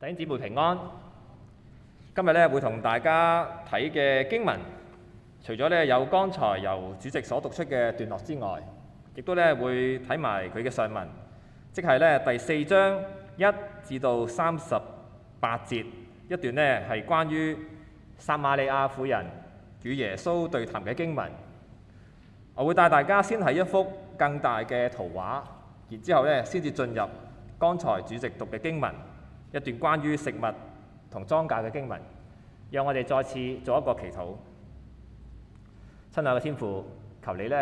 弟兄姊妹平安。今日咧會同大家睇嘅經文，除咗咧有剛才由主席所讀出嘅段落之外，亦都咧會睇埋佢嘅上文，即係咧第四章一至到三十八節一段咧係關於撒瑪利亞婦人與耶穌對談嘅經文。我會帶大家先睇一幅更大嘅圖畫，然之後咧先至進入剛才主席讀嘅經文。一段關於食物同莊稼嘅經文，讓我哋再次做一個祈禱。親愛嘅天父，求你呢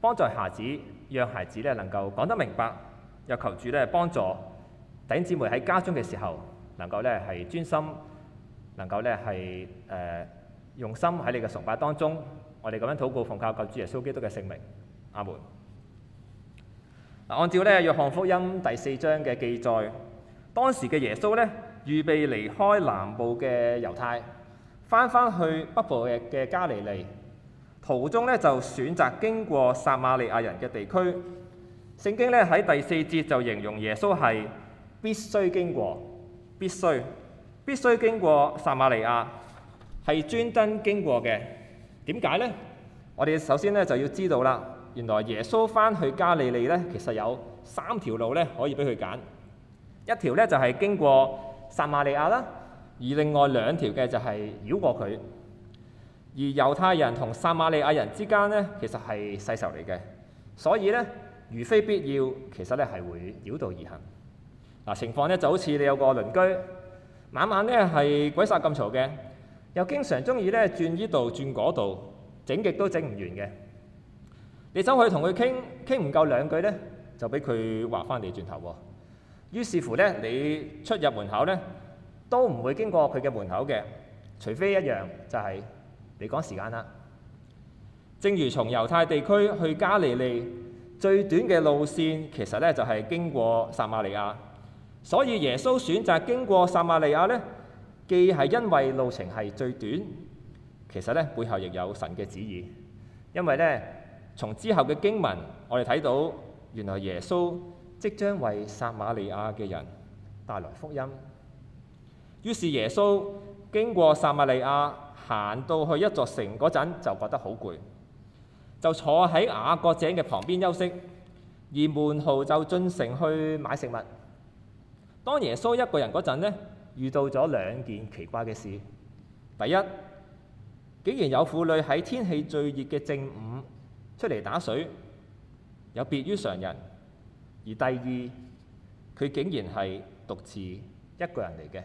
幫助孩子，讓孩子呢能夠講得明白，又求主呢幫助弟兄姊妹喺家中嘅時候能夠呢係專心，能夠呢係誒、呃、用心喺你嘅崇拜當中，我哋咁樣禱告奉靠救主耶穌基督嘅聖名，阿門。嗱，按照呢約翰福音第四章嘅記載。當時嘅耶穌呢，預備離開南部嘅猶太，翻返去北部嘅加利利，途中呢，就選擇經過撒瑪利亞人嘅地區。聖經呢喺第四節就形容耶穌係必須經過，必須必須經過撒瑪利亞，係專登經過嘅。點解呢？我哋首先呢就要知道啦，原來耶穌翻去加利利呢，其實有三條路呢可以俾佢揀。一條咧就係經過撒瑪利亞啦，而另外兩條嘅就係繞過佢。而猶太人同撒瑪利亞人之間呢，其實係世仇嚟嘅，所以呢，如非必要，其實咧係會繞道而行。嗱，情況呢就好似你有個鄰居，晚晚呢係鬼殺咁嘈嘅，又經常中意呢轉依度轉嗰度，整極都整唔完嘅。你走去同佢傾傾唔夠兩句呢，就俾佢話翻你轉頭喎。於是乎咧，你出入門口咧，都唔會經過佢嘅門口嘅，除非一樣就係、是、你趕時間啦。正如從猶太地區去加利利最短嘅路線，其實咧就係、是、經過撒瑪利亞。所以耶穌選擇經過撒瑪利亞咧，既係因為路程係最短，其實咧背後亦有神嘅旨意，因為咧從之後嘅經文，我哋睇到原來耶穌，即將為撒瑪利亞嘅人帶來福音。於是耶穌經過撒瑪利亞，行到去一座城嗰陣，就覺得好攰，就坐喺雅各井嘅旁邊休息。而門徒就進城去買食物。當耶穌一個人嗰陣呢，遇到咗兩件奇怪嘅事。第一，竟然有婦女喺天氣最熱嘅正午出嚟打水，有別於常人。而第二，佢竟然係獨自一個人嚟嘅，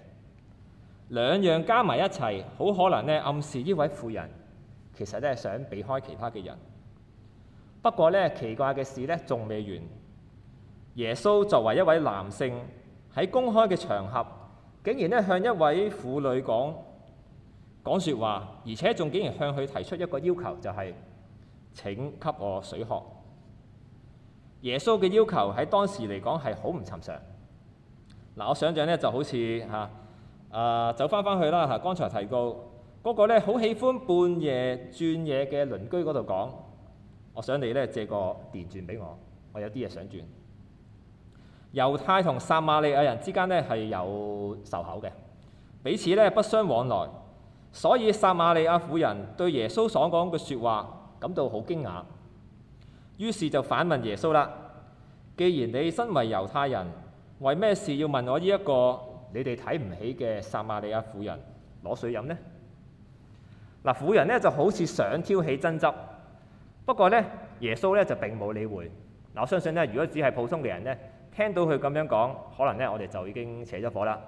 兩樣加埋一齊，好可能呢暗示呢位婦人其實都係想避開其他嘅人。不過呢，奇怪嘅事呢，仲未完，耶穌作為一位男性喺公開嘅場合，竟然呢向一位婦女講講説話，而且仲竟然向佢提出一個要求，就係請給我水喝。耶穌嘅要求喺當時嚟講係好唔尋常嗱，我想象咧就好似嚇啊，走翻翻去啦嚇。剛才提到嗰、那個咧好喜歡半夜轉嘢嘅鄰居嗰度講，我想你咧借個電鑽俾我，我有啲嘢想轉。猶太同撒瑪利亞人之間呢係有仇口嘅，彼此呢不相往來，所以撒瑪利亞婦人對耶穌所講嘅説話感到好驚訝。於是就反問耶穌啦。既然你身為猶太人，為咩事要問我呢一個你哋睇唔起嘅撒瑪利亞婦人攞水飲呢？嗱，婦人呢就好似想挑起爭執，不過呢，耶穌呢就並冇理會。嗱，我相信呢，如果只係普通嘅人呢，聽到佢咁樣講，可能呢我哋就已經扯咗火啦。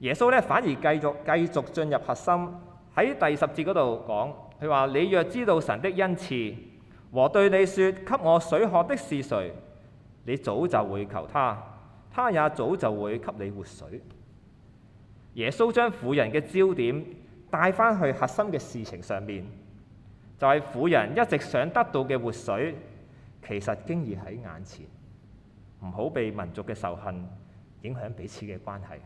耶穌呢反而繼續繼續進入核心喺第十節嗰度講，佢話：你若知道神的恩賜。和對你説給我水喝的是誰？你早就會求他，他也早就會給你活水。耶穌將婦人嘅焦點帶返去核心嘅事情上面，就係、是、婦人一直想得到嘅活水，其實已經已喺眼前。唔好被民族嘅仇恨影響彼此嘅關係。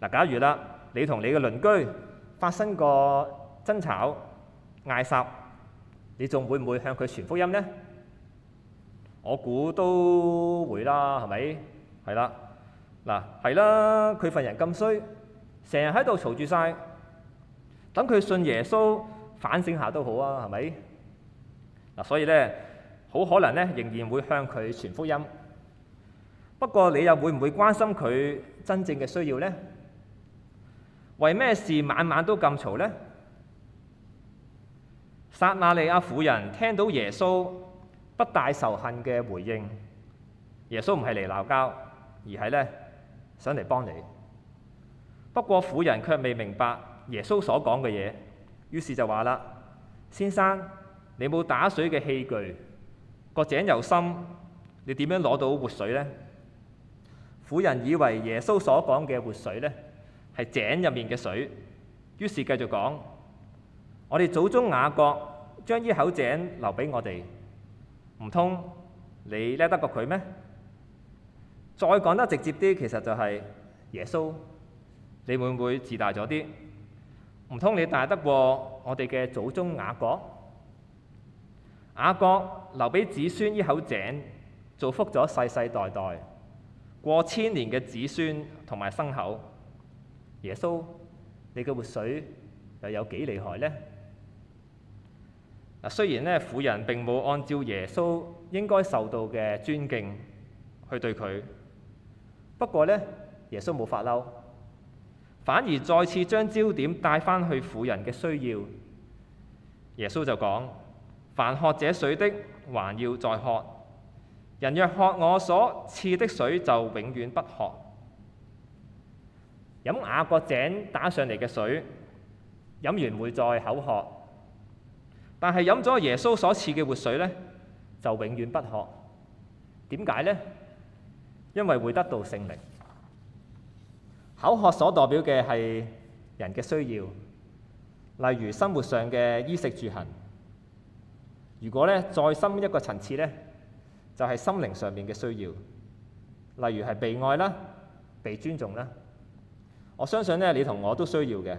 嗱，假如啦，你同你嘅鄰居發生過爭吵、嗌殺。你仲會唔會向佢傳福音呢？我估都會啦，係咪？係啦，嗱，係啦，佢份人咁衰，成日喺度嘈住晒，等佢信耶穌反省下都好啊，係咪？嗱，所以呢，好可能呢，仍然會向佢傳福音。不過你又會唔會關心佢真正嘅需要呢？為咩事晚晚都咁嘈呢？撒瑪利亞婦人聽到耶穌不帶仇恨嘅回應，耶穌唔係嚟鬧交，而係呢，想嚟幫你。不過婦人卻未明白耶穌所講嘅嘢，於是就話啦：先生，你冇打水嘅器具，個井又深，你點樣攞到活水呢？婦人以為耶穌所講嘅活水呢係井入面嘅水，於是繼續講：我哋祖宗雅各。將依口井留俾我哋，唔通你叻得過佢咩？再講得直接啲，其實就係、是、耶穌，你會唔會自大咗啲？唔通你大得過我哋嘅祖宗雅各？雅各留俾子孫依口井，造福咗世世代代過千年嘅子孫同埋牲口。耶穌，你嘅活水又有幾厲害呢？嗱，雖然呢婦人並冇按照耶穌應該受到嘅尊敬去對佢，不過呢，耶穌冇發嬲，反而再次將焦點帶返去婦人嘅需要。耶穌就講：凡喝這水的，還要再喝；人若喝我所賜的，的水，就永遠不渴。飲雅各井打上嚟嘅水，飲完會再口渴。但係飲咗耶穌所賜嘅活水呢，就永遠不渴。點解呢？因為會得到聖靈。口渴所代表嘅係人嘅需要，例如生活上嘅衣食住行。如果呢再深一個層次呢，就係心靈上面嘅需要，例如係被愛啦、被尊重啦。我相信呢，你同我都需要嘅。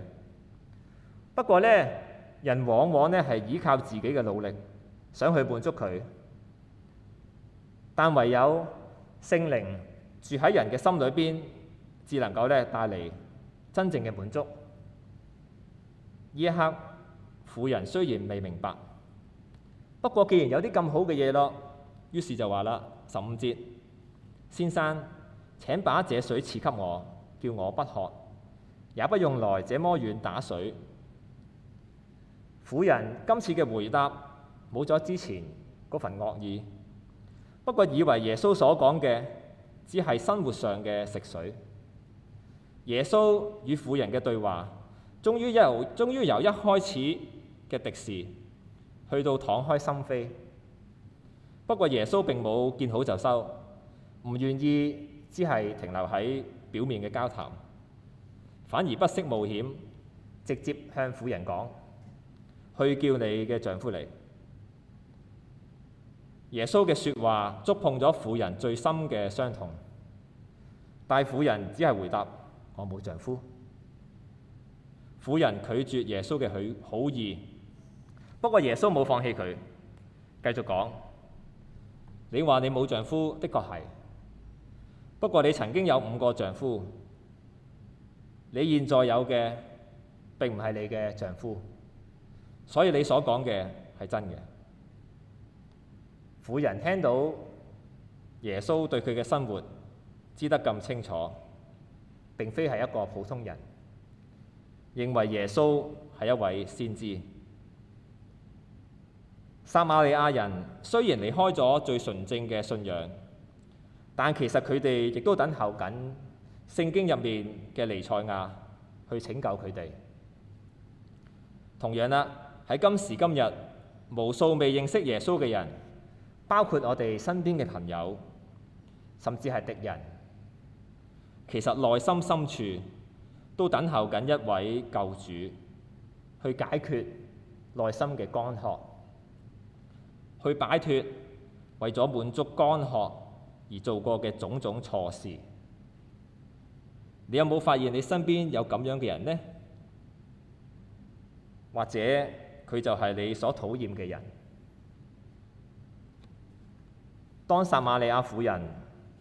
不過呢，人往往咧係依靠自己嘅努力，想去滿足佢，但唯有聖靈住喺人嘅心裏邊，至能夠咧帶嚟真正嘅滿足。呢一刻，婦人雖然未明白，不過既然有啲咁好嘅嘢咯，於是就話啦：十五節，先生請把這水賜給我，叫我不渴，也不用來這麼遠打水。婦人今次嘅回答冇咗之前嗰份惡意，不過以為耶穌所講嘅只係生活上嘅食水。耶穌與婦人嘅對話，終於由終於由一開始嘅敵視，去到敞開心扉。不過耶穌並冇見好就收，唔願意只係停留喺表面嘅交談，反而不惜冒險，直接向婦人講。去叫你嘅丈夫嚟。耶穌嘅説話觸碰咗婦人最深嘅傷痛。但婦人只係回答：我冇丈夫。婦人拒絕耶穌嘅許好意。不過耶穌冇放棄佢，繼續講：你話你冇丈夫，的確係。不過你曾經有五個丈夫。你現在有嘅並唔係你嘅丈夫。所以你所講嘅係真嘅。婦人聽到耶穌對佢嘅生活知得咁清楚，並非係一個普通人，認為耶穌係一位先知。撒瑪利亞人雖然離開咗最純正嘅信仰，但其實佢哋亦都等候緊聖經入面嘅彌賽亞去拯救佢哋。同樣啦。喺今時今日，無數未認識耶穌嘅人，包括我哋身邊嘅朋友，甚至係敵人，其實內心深處都等候緊一位救主，去解決內心嘅乾渴，去擺脱為咗滿足乾渴而做過嘅種種錯事。你有冇發現你身邊有咁樣嘅人呢？或者？佢就係你所討厭嘅人。當撒瑪利亞婦人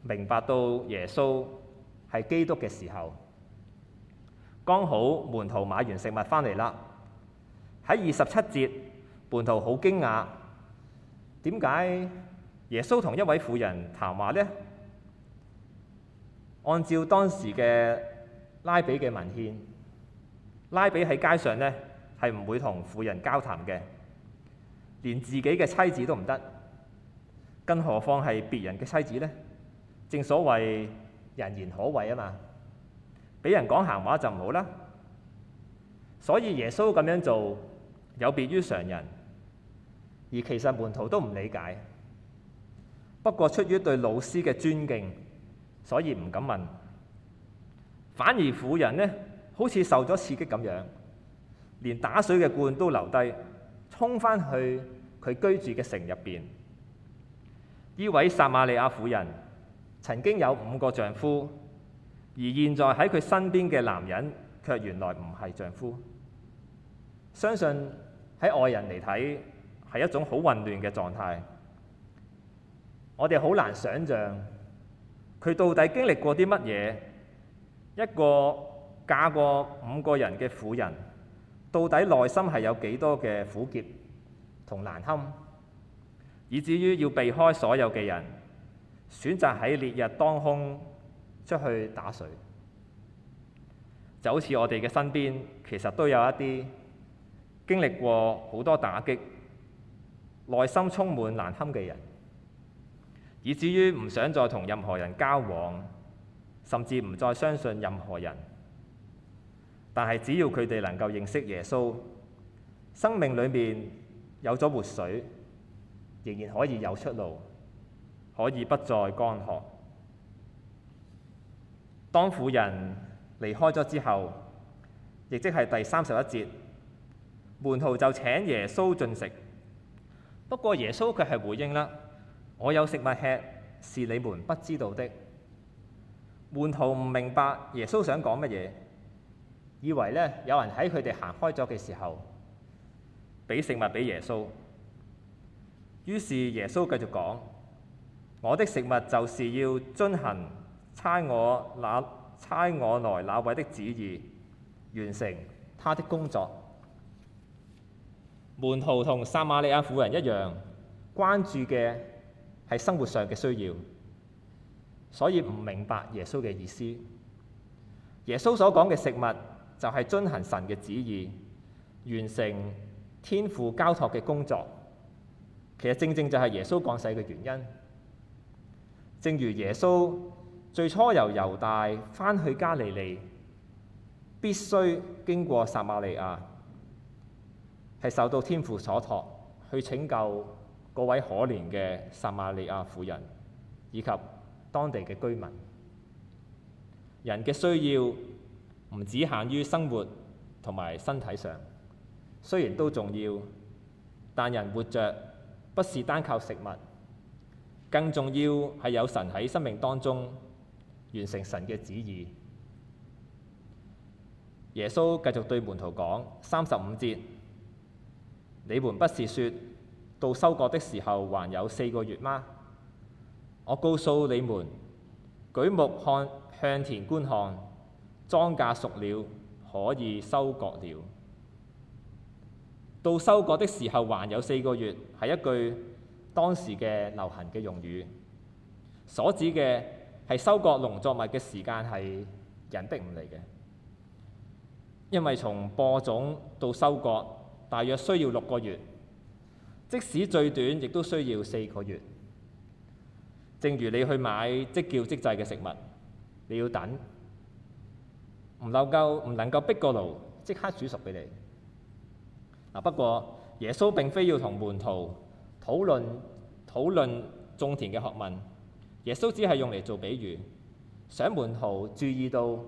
明白到耶穌係基督嘅時候，剛好門徒買完食物翻嚟啦。喺二十七節，門徒好驚訝，點解耶穌同一位婦人談話呢？按照當時嘅拉比嘅文獻，拉比喺街上呢，」係唔會同婦人交談嘅，連自己嘅妻子都唔得，更何況係別人嘅妻子呢？正所謂人言可畏啊嘛，俾人講閒話就唔好啦。所以耶穌咁樣做有別於常人，而其實門徒都唔理解，不過出於對老師嘅尊敬，所以唔敢問。反而婦人呢，好似受咗刺激咁樣。連打水嘅罐都留低，衝返去佢居住嘅城入邊。呢位撒瑪利亞婦人曾經有五個丈夫，而現在喺佢身邊嘅男人卻原來唔係丈夫。相信喺外人嚟睇係一種好混亂嘅狀態。我哋好難想象佢到底經歷過啲乜嘢？一個嫁過五個人嘅婦人。到底內心係有幾多嘅苦澀同難堪，以至於要避開所有嘅人，選擇喺烈日當空出去打水，就好似我哋嘅身邊，其實都有一啲經歷過好多打擊，內心充滿難堪嘅人，以至於唔想再同任何人交往，甚至唔再相信任何人。但係只要佢哋能夠認識耶穌，生命裏面有咗活水，仍然可以有出路，可以不再乾涸。當婦人離開咗之後，亦即係第三十一節，門徒就請耶穌進食。不過耶穌卻係回應啦：我有食物吃，是你們不知道的。門徒唔明白耶穌想講乜嘢。以為呢有人喺佢哋行開咗嘅時候，俾食物俾耶穌。於是耶穌繼續講：我的食物就是要遵行差我那差我來那位的旨意，完成他的工作。門徒同撒瑪利亞婦人一樣，關注嘅係生活上嘅需要，所以唔明白耶穌嘅意思。耶穌所講嘅食物。就係、是、遵行神嘅旨意，完成天父交託嘅工作。其實正正就係耶穌降世嘅原因。正如耶穌最初由猶大返去加利利，必須經過撒瑪利亞，係受到天父所託去拯救嗰位可憐嘅撒瑪利亞婦人以及當地嘅居民。人嘅需要。唔止限於生活同埋身體上，雖然都重要，但人活着不是單靠食物，更重要係有神喺生命當中完成神嘅旨意。耶穌繼續對門徒講：三十五節，你們不是說到收割的時候還有四個月嗎？我告訴你們，舉目看向田觀看。莊稼熟了，可以收割了。到收割的時候還有四個月，係一句當時嘅流行嘅用語，所指嘅係收割農作物嘅時間係人逼唔嚟嘅，因為從播種到收割大約需要六個月，即使最短亦都需要四個月。正如你去買即叫即製嘅食物，你要等。唔能夠唔能夠逼個爐即刻煮熟俾你。不過耶穌並非要同門徒討論討論種田嘅學問，耶穌只係用嚟做比喻，想門徒注意到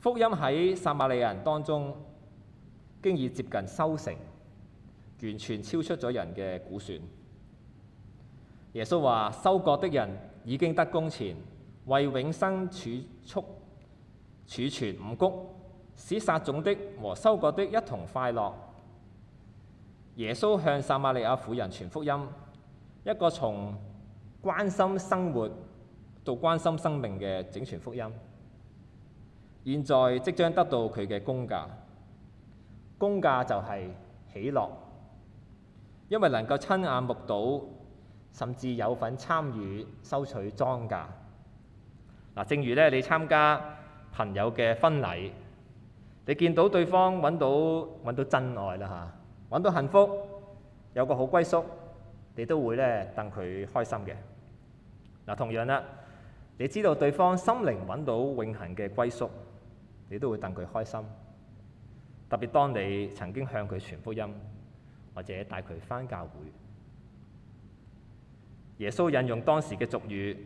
福音喺撒瑪利人當中經已接近收成，完全超出咗人嘅估算。耶穌話：收割的人已經得工錢，為永生儲蓄。儲存五穀，使撒種的和收割的一同快樂。耶穌向撒瑪利亞婦人傳福音，一個從關心生活到關心生命嘅整全福音。現在即將得到佢嘅工價，工價就係喜樂，因為能夠親眼目睹，甚至有份參與收取莊稼。嗱，正如咧，你參加朋友嘅婚禮，你見到對方揾到揾到真愛啦嚇，揾到幸福，有個好歸宿，你都會咧等佢開心嘅。嗱，同樣啦，你知道對方心靈揾到永恆嘅歸宿，你都會等佢開心。特別當你曾經向佢傳福音，或者帶佢返教會，耶穌引用當時嘅俗語：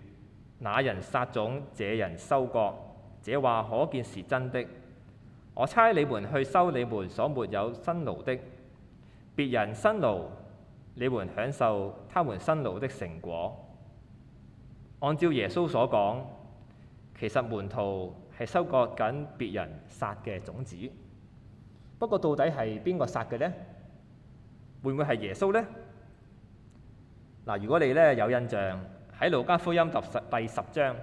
那人撒種，這人收割。這話可見是真的。我差你們去收你們所沒有辛勞的，別人辛勞，你們享受他們辛勞的成果。按照耶穌所講，其實門徒係收割緊別人撒嘅種子。不過到底係邊個撒嘅呢？會唔會係耶穌呢？嗱，如果你呢有印象喺《路加福音》第十第十章。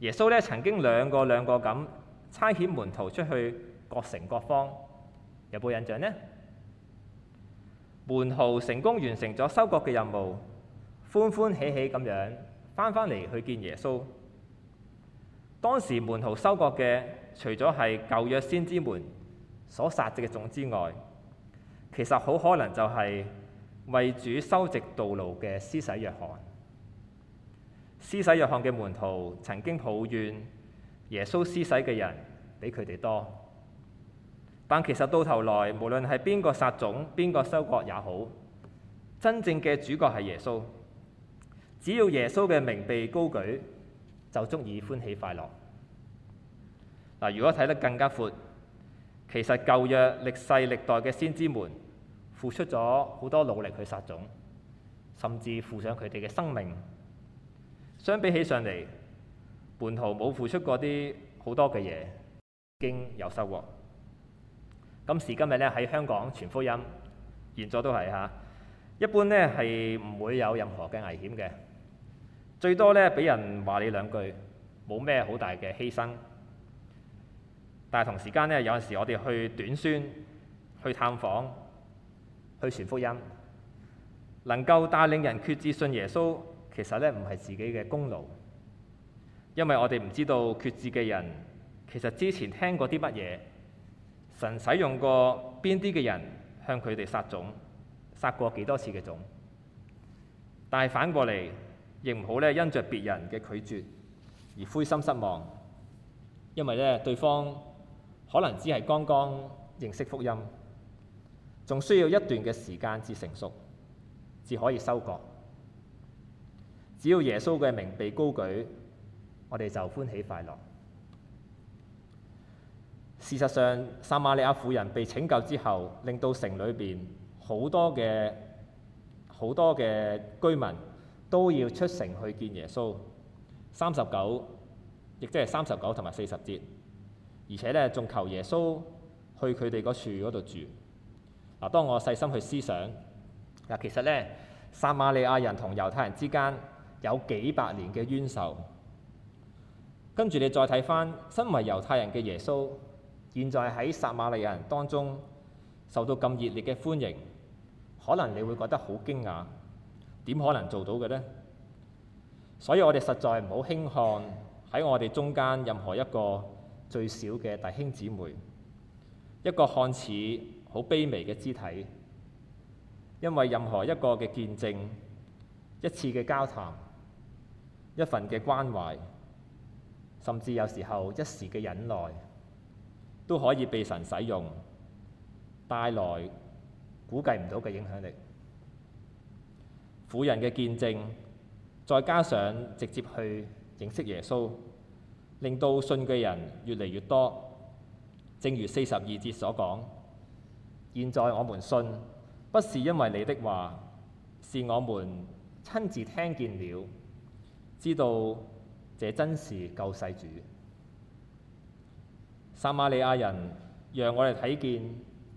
耶穌呢曾經兩個兩個咁差遣門徒出去各城各方，有冇印象呢？門徒成功完成咗收割嘅任務，歡歡喜喜咁樣翻返嚟去見耶穌。當時門徒收割嘅，除咗係舊約先知們所撒種嘅種之外，其實好可能就係為主修直道路嘅施洗約翰。施洗約翰嘅門徒曾經抱怨耶穌施洗嘅人比佢哋多，但其實到頭來無論係邊個撒種邊個收割也好，真正嘅主角係耶穌。只要耶穌嘅名被高舉，就足以歡喜快樂。嗱，如果睇得更加闊，其實舊約歷世歷代嘅先知們付出咗好多努力去撒種，甚至付上佢哋嘅生命。相比起上嚟，半途冇付出過啲好多嘅嘢，已經有收穫。今時今日咧喺香港傳福音，現在都係嚇，一般呢係唔會有任何嘅危險嘅，最多呢俾人話你兩句，冇咩好大嘅犧牲。但係同時間呢，有陣時候我哋去短宣、去探訪、去傳福音，能夠帶領人決志信耶穌。其實咧唔係自己嘅功勞，因為我哋唔知道決志嘅人其實之前聽過啲乜嘢，神使用過邊啲嘅人向佢哋撒種，撒過幾多次嘅種，但係反過嚟亦唔好咧，因着別人嘅拒絕而灰心失望，因為咧對方可能只係剛剛認識福音，仲需要一段嘅時間至成熟，至可以收割。只要耶穌嘅名被高舉，我哋就歡喜快樂。事實上，撒瑪利亞婦人被拯救之後，令到城裏邊好多嘅好多嘅居民都要出城去見耶穌。三十九，亦即係三十九同埋四十節，而且呢，仲求耶穌去佢哋嗰處嗰度住。嗱，當我細心去思想，嗱其實呢，撒瑪利亞人同猶太人之間，有幾百年嘅冤仇，跟住你再睇翻身為猶太人嘅耶穌，現在喺撒瑪利亞人當中受到咁熱烈嘅歡迎，可能你會覺得好驚訝，點可能做到嘅呢？所以我哋實在唔好輕看喺我哋中間任何一個最小嘅弟兄姊妹，一個看似好卑微嘅肢體，因為任何一個嘅見證，一次嘅交談，一份嘅關懷，甚至有時候一時嘅忍耐，都可以被神使用，帶來估計唔到嘅影響力。婦人嘅見證，再加上直接去認識耶穌，令到信嘅人越嚟越多。正如四十二節所講，現在我們信不是因為你的話，是我們親自聽見了。知道這真是救世主。撒瑪利亞人，讓我哋睇見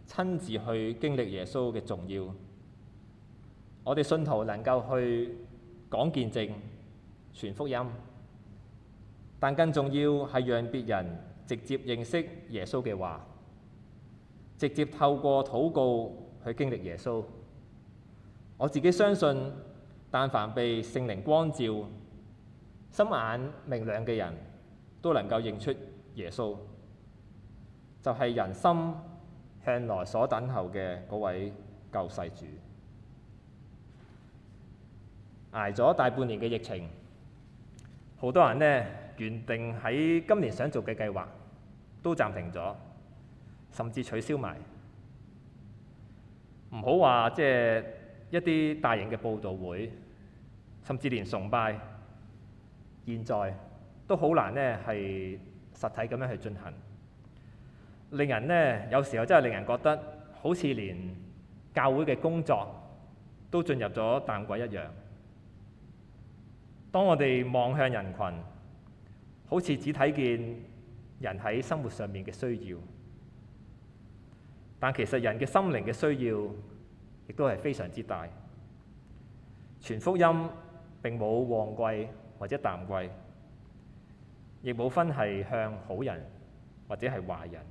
親自去經歷耶穌嘅重要。我哋信徒能夠去講見證、傳福音，但更重要係讓別人直接認識耶穌嘅話，直接透過禱告去經歷耶穌。我自己相信，但凡被聖靈光照。心眼明亮嘅人都能夠認出耶穌，就係人心向來所等候嘅嗰位救世主。挨咗大半年嘅疫情，好多人呢，原定喺今年想做嘅計劃都暫停咗，甚至取消埋。唔好話即係一啲大型嘅佈道會，甚至連崇拜，現在都好難呢，係實體咁樣去進行，令人呢有時候真係令人覺得好似連教會嘅工作都進入咗淡季一樣。當我哋望向人群，好似只睇見人喺生活上面嘅需要，但其實人嘅心靈嘅需要亦都係非常之大。全福音並冇旺季。或者淡季，亦冇分係向好人或者係壞人，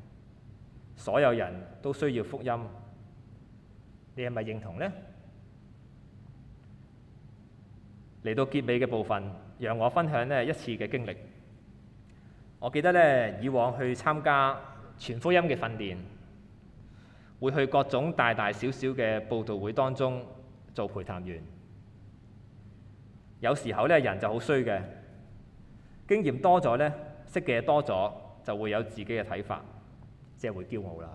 所有人都需要福音。你係咪認同咧？嚟到結尾嘅部分，讓我分享呢一次嘅經歷。我記得咧，以往去參加全福音嘅訓練，會去各種大大小小嘅佈道會當中做陪談員。有時候咧，人就好衰嘅。經驗多咗呢，識嘅多咗，就會有自己嘅睇法，即係會驕傲啦。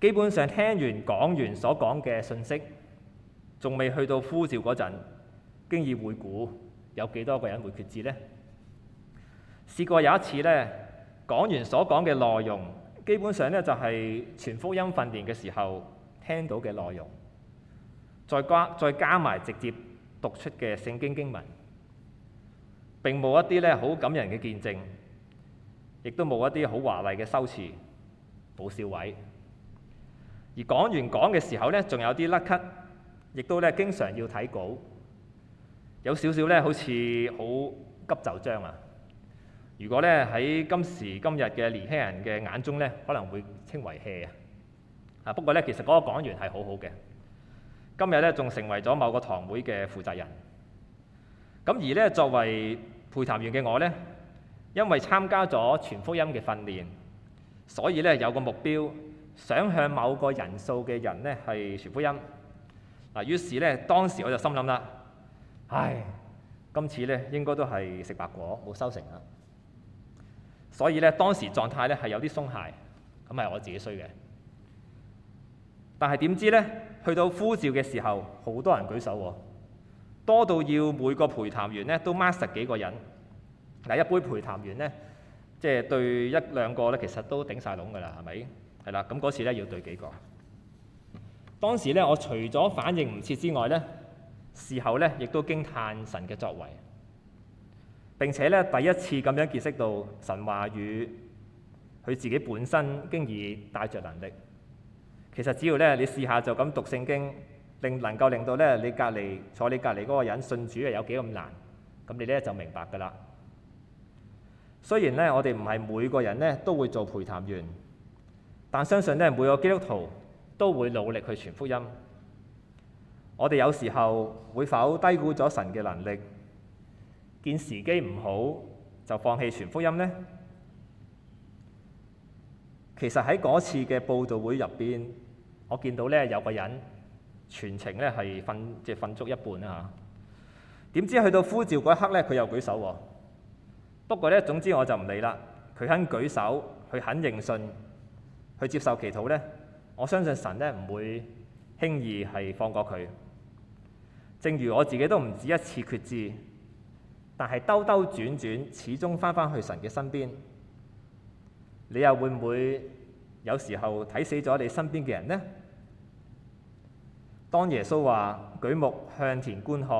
基本上聽完講完所講嘅信息，仲未去到呼召嗰陣，經已會估有幾多個人會決志呢？試過有一次呢，講完所講嘅內容，基本上呢，就係全福音訓練嘅時候聽到嘅內容，再加再加埋直接。讀出嘅聖經經文，並冇一啲咧好感人嘅見證，亦都冇一啲好華麗嘅修辭、補笑位。而講完講嘅時候呢，仲有啲甩咳，亦都咧經常要睇稿，有少少呢好似好急就章啊！如果呢喺今時今日嘅年輕人嘅眼中呢，可能會稱為 hea 啊！啊不過呢，其實嗰個講員係好好嘅。今日咧仲成為咗某個堂會嘅負責人，咁而咧作為陪談員嘅我呢，因為參加咗傳福音嘅訓練，所以咧有個目標，想向某個人數嘅人咧係傳福音。嗱，於是咧當時我就心諗啦，唉，今次咧應該都係食白果，冇收成。所以咧當時狀態咧係有啲鬆懈，咁係我自己衰嘅。但係點知呢？去到呼召嘅時候，好多人舉手喎，多到要每個陪談員咧都 mark 十幾個人。嗱，一杯陪談員呢，即係對一兩個呢，其實都頂晒籠㗎啦，係咪？係啦，咁嗰時咧要對幾個？當時呢，我除咗反應唔切之外呢，事後呢，亦都驚歎神嘅作為，並且呢，第一次咁樣結識到神話語，佢自己本身經已帶着能力。其實只要咧，你試下就咁讀聖經，令能夠令到咧，你隔籬坐你隔籬嗰個人信主啊，有幾咁難？咁你咧就明白噶啦。雖然咧，我哋唔係每個人咧都會做陪談員，但相信咧每個基督徒都會努力去傳福音。我哋有時候會否低估咗神嘅能力？見時機唔好就放棄傳福音呢？其實喺嗰次嘅報道會入邊。我見到咧有個人全程咧係瞓，即係瞓足一半啦嚇。點知去到呼召嗰一刻咧，佢又舉手喎、哦。不過咧，總之我就唔理啦。佢肯舉手，佢肯認信，去接受祈禱咧，我相信神咧唔會輕易係放過佢。正如我自己都唔止一次決志，但係兜兜轉轉，始終翻返去神嘅身邊。你又會唔會有時候睇死咗你身邊嘅人呢？當耶穌話舉目向田觀看，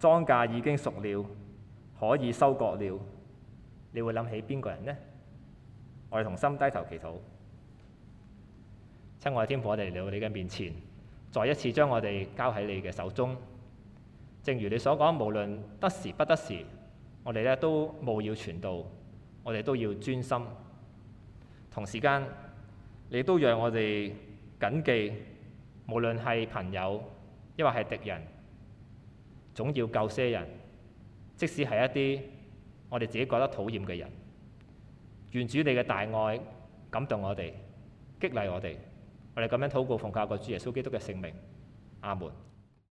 莊稼已經熟了，可以收割了，你會諗起邊個人呢？我哋同心低頭祈禱，親愛天父，我哋嚟到你嘅面前，再一次將我哋交喺你嘅手中。正如你所講，無論得時不得時，我哋咧都務要傳道，我哋都要專心。同時間，你都讓我哋謹記。無論係朋友亦或係敵人，總要救些人，即使係一啲我哋自己覺得討厭嘅人。願主你嘅大愛感動我哋，激勵我哋，我哋咁樣禱告奉靠過主耶穌基督嘅聖名。阿門。